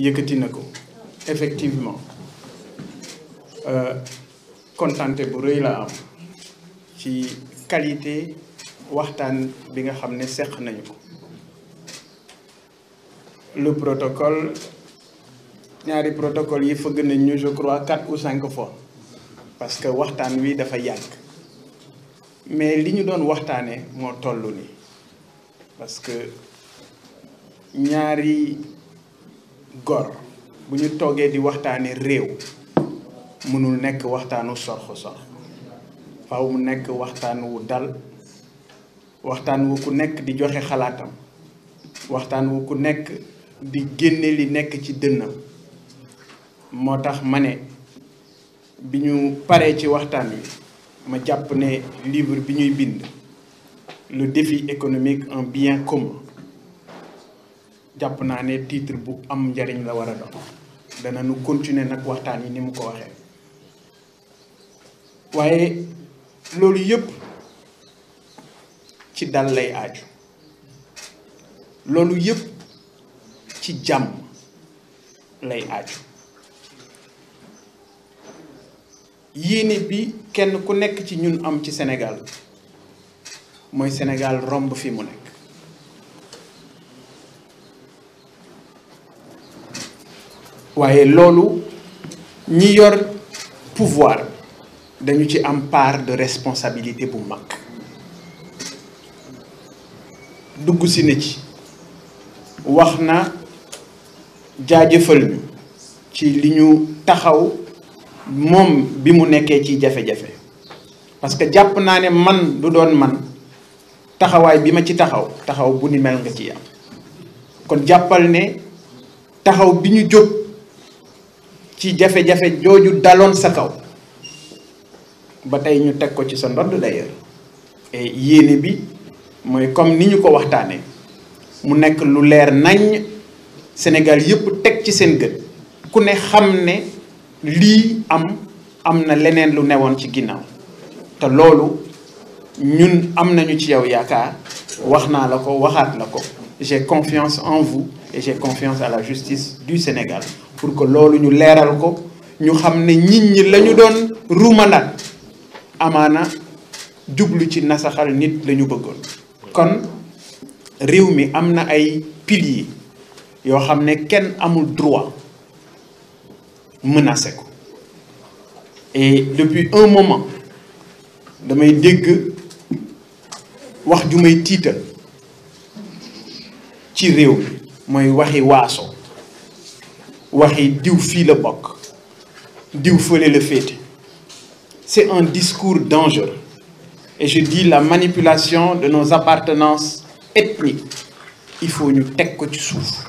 yëkkati na ko effectivement euh, kontante bu rëy la am ci qualité waxtaan bi nga xam ne seq nañu ko le protocole ñaari protocole yi fëgg nañ ñu je crois quatre ou cinq fois parce que waxtaan wi dafa yàgg mais li ñu doon waxtaanee moo tollu ni parce que ñaari gor bu ñu toogee di waxtaane réew mënul nekk waxtaanu sorxu sorx faaw mu nekk waxtaan wu dal waxtaan wu ku nekk di joxe xalaatam waxtaan wu ku nekk di génne li nekk ci dënnam moo tax ma ne bi ñu paree ci waxtaan wi ma jàpp ne libre bi ñuy bind le defi économique un bien commun jàpp naa ne tiitre bu am njariñ la war a doon dana nu continuer nag waxtaan yi ni mu ko waxee waaye loolu yëpp ci dal lay aaju loolu yëpp ci jàmm lay aaju yéene bi kenn ku nekk ci ñun am ci senegal mooy senegal romb fi mu ne waaye loolu ñi yor pouvoir dañu ci am part de responsabilité bu mag dugg si na ci wax na jaajëfal ñu ci li ñu taxaw moom bi mu nekkee ci jafe-jafe parce que jàpp naa ne man du doon man taxawaay bi ma ci taxaw taxaw bu ni mel nga ci am kon jàppal ne taxaw bi ñu jóg ci jafe-jafe jooju daloon sa kaw ba tey ñu teg ko ci sa ndodd d'ailleurs et yéene bi mooy comme ni ñu ko waxtaanee mu nekk lu leer nañ Sénégal yëpp teg ci seen gën ku ne xam ne lii am am na leneen lu newoon ci ginnaaw te loolu ñun am nañu ci yow yaakaar wax naa la ko waxaat la ko j'ai confiance en vous et j'ai confiance à la justice du Sénégal pour que loolu ñu leeral ko ñu xam ne nit ñi la doon ruumanat amaana jublu ci nasaxal nit lañu bëggoon kon réew mi am na ay piliers yoo xam ne kenn amul droit menacé ko et depuis un moment damay dégg wax ju may tiital ci réew mooy waxi waaso waxi diw fii la bokk diw fële la féete c'est un discours dangereux et je dis la manipulation de nos appartenances ethniques il faut ñu teg ko ci suuf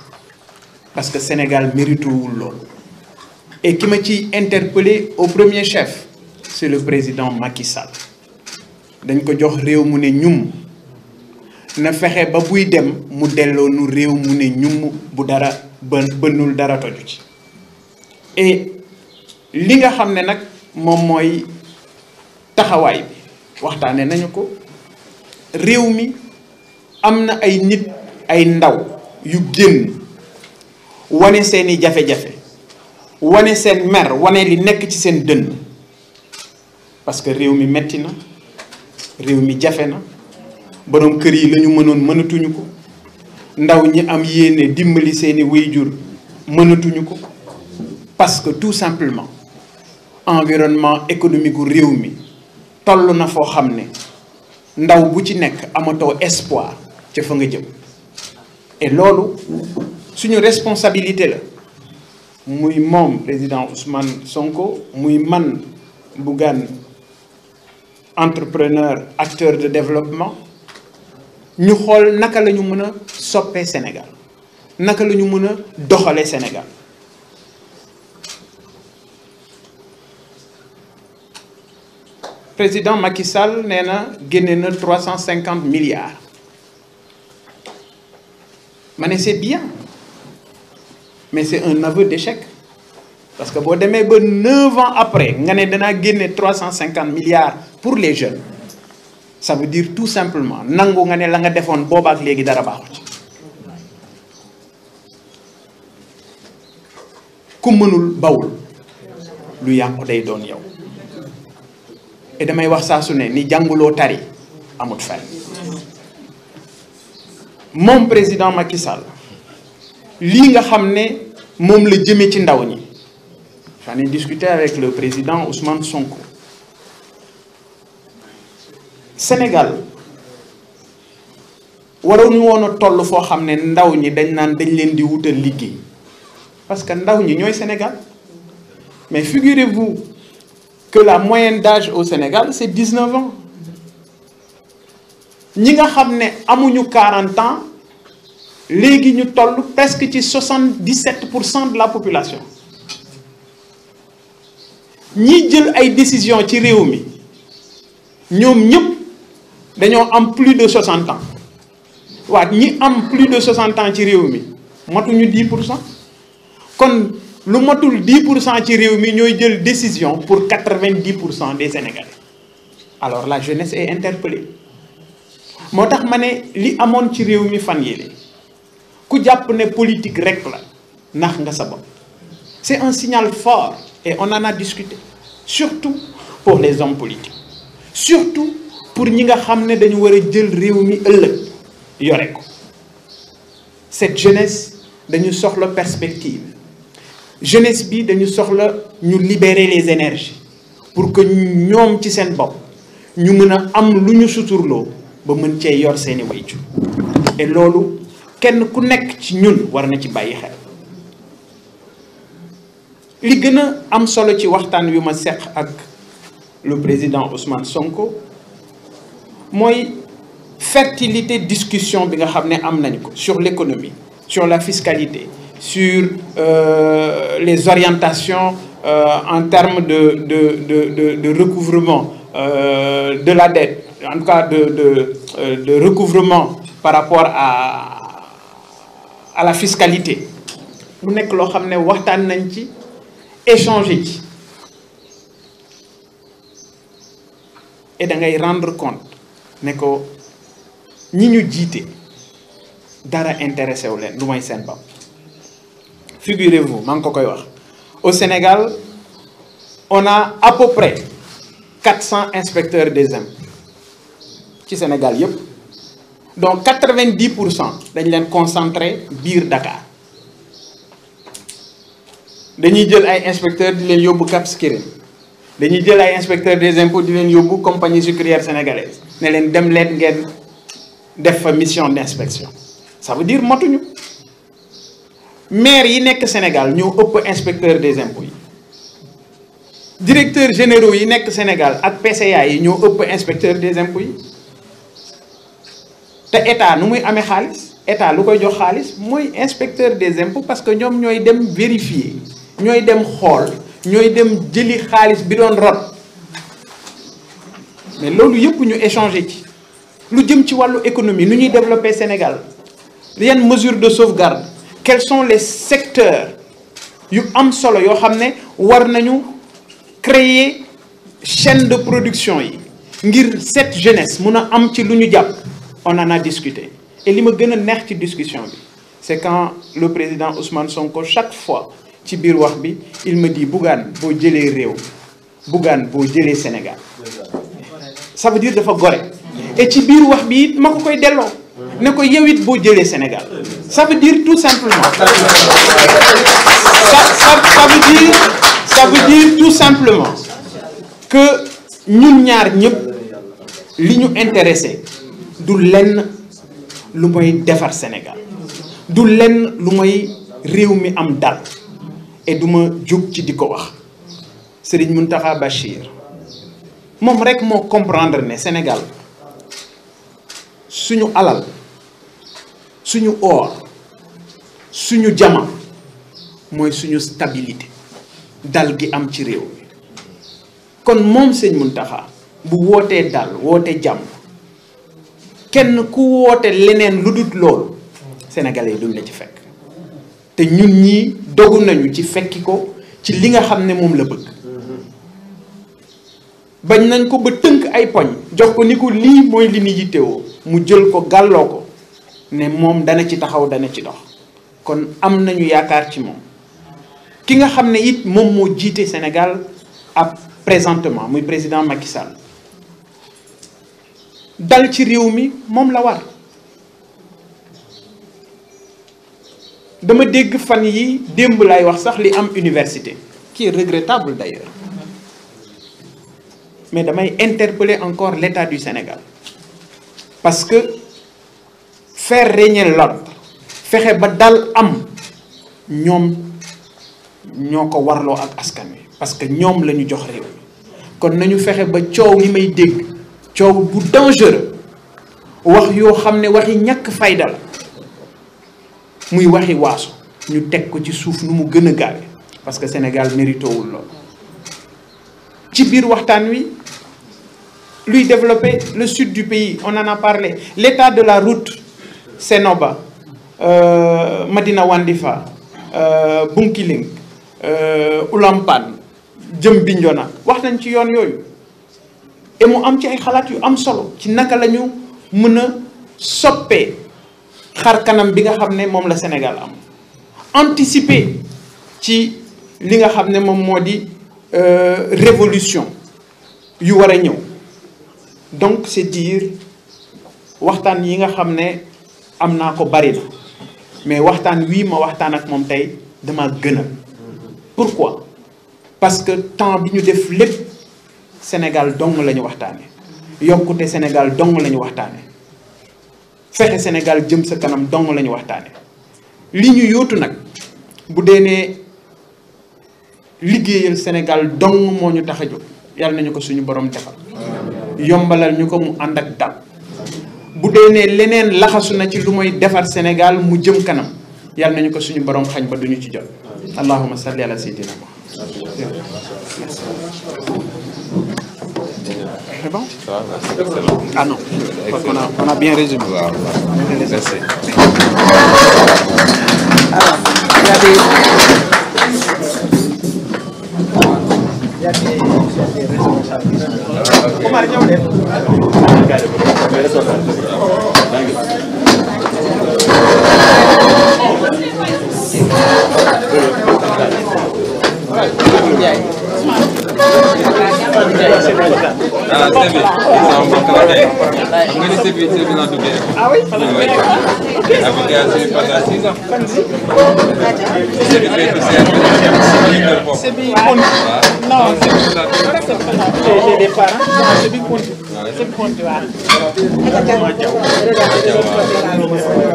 parce que Sénégal méritewul loolu et ki ma ci interpellé au premier chef c'est le président Macky Sall dañ ko jox réew mu ne ñum na fexe ba buy dem mu delloo nu réew mu ne ñum bu dara ba bënnul dara toju ci li nga xam ne nag moom mooy taxawaay bi waxtaane nañu ko réew mi am na ay nit ay ndaw yu génn wane seeni jafe-jafe wane seen mer wane li nekk ci seen dënn parce que réew mi metti na réew mi jafe na boroom kër yi lañu mënoon mënatuñu ko ndaw ñi am yéene dimbali seeni waajur mënatuñu ko parce que tout simplement environnement économique gu réew mi toll na foo xam ne ndaw bu ci nekk amatoo espoir ca fa nga jëm et loolu suñu responsabilité la muy moom président Ousmane Sonko muy man bu Bougane entrepreneur acteur de développement ñu xool naka lañu ñu mën a soppee Sénégal naka lañu ñu mën a doxalee Sénégal président Macky Sall nee na génne na trois cent cinquante milliards ma ne c'est bien mais c'est un aveu d'échec parce que boo demee ba neuf ans après nga ne danaa génne trois cent cinquante milliards pour les jeunes ça veut dire tout simplement nangu nga ne la nga defoon boobaak léegi dara baaxu ku mënul bawul lu yàqu day doon yow et damay wax saa su ne ni jànguloo tari amut fay moom président Macky Sall lii nga xam ne moom la jëmee ci ndaw ñi j'en ai discuté avec le président Ousmane Sonko Sénégal waroon woon a toll foo xam ne ndaw ñi dañ naan dañ leen di wutal liggéey parce que ndaw ñi ñooy Sénégal mais figurez-vous que la moyenne d'âge au Sénégal c'est 19 ans ñi nga xam ne amuñu 40 ans léegi ñu toll presque ci 77 pour cent de la population ñi jël ay décisions ci réew mi ñoom ñëpp. dañoo am plus de 60 ans waa ñi am plus de 60 ans ci réew mi matuñu 10 pour cent kon lu matul 10 pour cent ci réew mi ñooy jël décision pour quatre vingt 90 pour cent des Sénégalais alors la jeunesse est interpellée moo tax ma ne li amoon ci réew mi fan yéene ku jàpp ne politique rek la nax nga sa bopp c'est un signal fort et on en a discuté surtout pour les hommes politiques surtout pour ñi nga xam ne dañu war a jël réew mi ëllëg yore ko cette jeunesse dañu soxla perspective jeunesse bi dañu soxla ñu libérer les énergies pour que ñoom ci seen bopp ñu mën a am lu ñu suturloo ba mën cee yor seeni wayju et loolu kenn ku nekk ci ñun war na ci bàyyi xel li gën a am solo ci waxtaan wi ma seq ak le président Ousmane Sonko mooy fertilité discussion bi nga xam ne am nañ ko sur l'économie sur la fiscalité sur euh, les orientations euh, en termes de de de de, de recouvrement euh, de la dette en tout cas de de euh, de recouvrement par rapport à à la fiscalité mu nekk loo xam ne waxtaan nañ ci échanger ci et da ngay rendre compte ne ko ñi ñu jiite dara intéressé wu leen lu may seen bopp figurez-vous maa ngi ko koy wax au Sénégal on a à peu près quatre cent inspecteurs des impôts ci Sénégal yépp donc quatre-vingt-dix pour cent dañ leen concentré biir Dakar dañuy jël ay inspecteurs di leen yóbbu Cap Skirring dañuy jël ay inspecteurs des impôts di leen yóbbu compagnie sucrière sénégalaise ne leen dem leen ngeen def fa mission d'inspection ça veut dire motuñu maire yi nekk Sénégal ñoo ëpp inspecteur des impôts yi directeurs généraux yi nekk Sénégal ak PCA yi ñoo ëpp inspecteur des impôts yi te état nu muy amee xaalis état lu koy jox xaalis mooy inspecteur des impôts parce que ñoom ñooy dem vérifier ñooy dem xool ñooy dem jëli xaalis bi doon rot mais loolu yëpp ñu échanger ci lu jëm ci wàllu économie nu ñuy développer Sénégal yan mesures de sauvegarde quels sont les secteurs yu am solo yoo xam ne war nañu créer chaîne de production yi ngir cette jeunesse mun a am ci lu ñu jàpp on en a discuté li ma gën a neex ci discussion bi c'est quand le président Ousmane Sonko chaque fois ci biir wax bi il ma dit Bougane boo jëlee réew Bougane boo jëlee Sénégal ça veut dire dafa gore et ci biir wax bi it ma ko koy delloo ne ko yow boo jëlee Sénégal ça veut dire tout simplement ça ça veut dire ça veut dire tout simplement que ñun ñaar ñëpp li ñu intéressé du lenn lu mooy defar Sénégal du lenn lu mooy réew mi am dal et du ma jóg ci di ko wax Serigne Mountakha Bachir moom rek moo comprendre ne Sénégal suñu alal suñu or suñu jama mooy suñu stabilité dal gi am ci réew mi kon moom sëñ Muntaxa bu wootee dal woote jàmm kenn ku woote leneen lu dut loolu sénégalais yi duñ la ci fekk te ñun ñi dogu nañu ci fekki ko ci li nga xam ne moom la bëgg bañ nañ ko ba tënk ay poñ jox ko ni ko lii mooy li ni yittewoo mu jël ko gàlloo ko ne moom dana ci taxaw dana ci dox kon am nañu yaakaar ci moom ki nga xam ne it moom moo jiite Sénégal ab présentement muy président Macky Sall dal ci réew mi moom la war dama dégg fan yi démb lay wax sax li am université qui est regrettable d'ailleurs mais damay interpeller encore l'État du Sénégal parce que faire régner fexe ba dal am ñoom ñoo ko warloo ak askan wi parce que ñoom la ñu jox réew kon nañu fexe ba coow li may dégg coow bu dangereux wax yoo xam ne waxi ñàkk fayda la muy waxi waaso ñu teg ko ci suuf nu mu gën a gaawe parce que Sénégal mérito wul lool ci biir waxtaan wi luy développer le sud du pays on en a parlé l'état de la route Sénoba euh, Madina Wandifa euh, Bunkiling euh, Oulampan jëm Bignona wax nañ ci yoon yooyu et mu am ci ay xalaat yu am solo ci naka la ñu mën a soppee xar kanam bi nga xam ne moom la Sénégal am anticiper ci li nga xam ne moom moo di euh, révolution yu war a ñëw donc c'est dire waxtaan yi nga xam ne am naa ko bari na mais waxtaan wii ma waxtaan ak moom tey dama gënal pourquoi parce que temps bi ñu def lépp Sénégal donc la ñu waxtaane yokkute Sénégal dong la ñu waxtaane fexe Sénégal jëm sa kanam dong la ñu waxtaane li ñu yóotu nag bu dee ne liggéeyal Sénégal dong moo ñu tax a jóg yàlla nañu ko suñu borom defal yombalal ñu ko mu ànd ak dal bu dee ne leneen laxasu na ci lu mooy defar Sénégal mu jëm kanam yàlla nañu ko suñu borom xañ ba duñu ci jot allahuma salli ala sayyidina C'est bon Ah non, parce bien résumé. Wow. Merci. Alors, ah, il y a ah sëñ bi sama mbokk la tey xam nga ni sëñ bi sëñ bi laa duggee. avocat sëñ bi pendant six ans. sëñ bi béy bi sëñ bi ñu kër foofu. waaw non sëñ bi laa duggee. j'ai des parents. Ah, sëñ bi compte. sëñ bi compte waaw.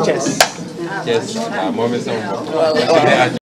Thiès. Thiès waaw moom it sama mbokk.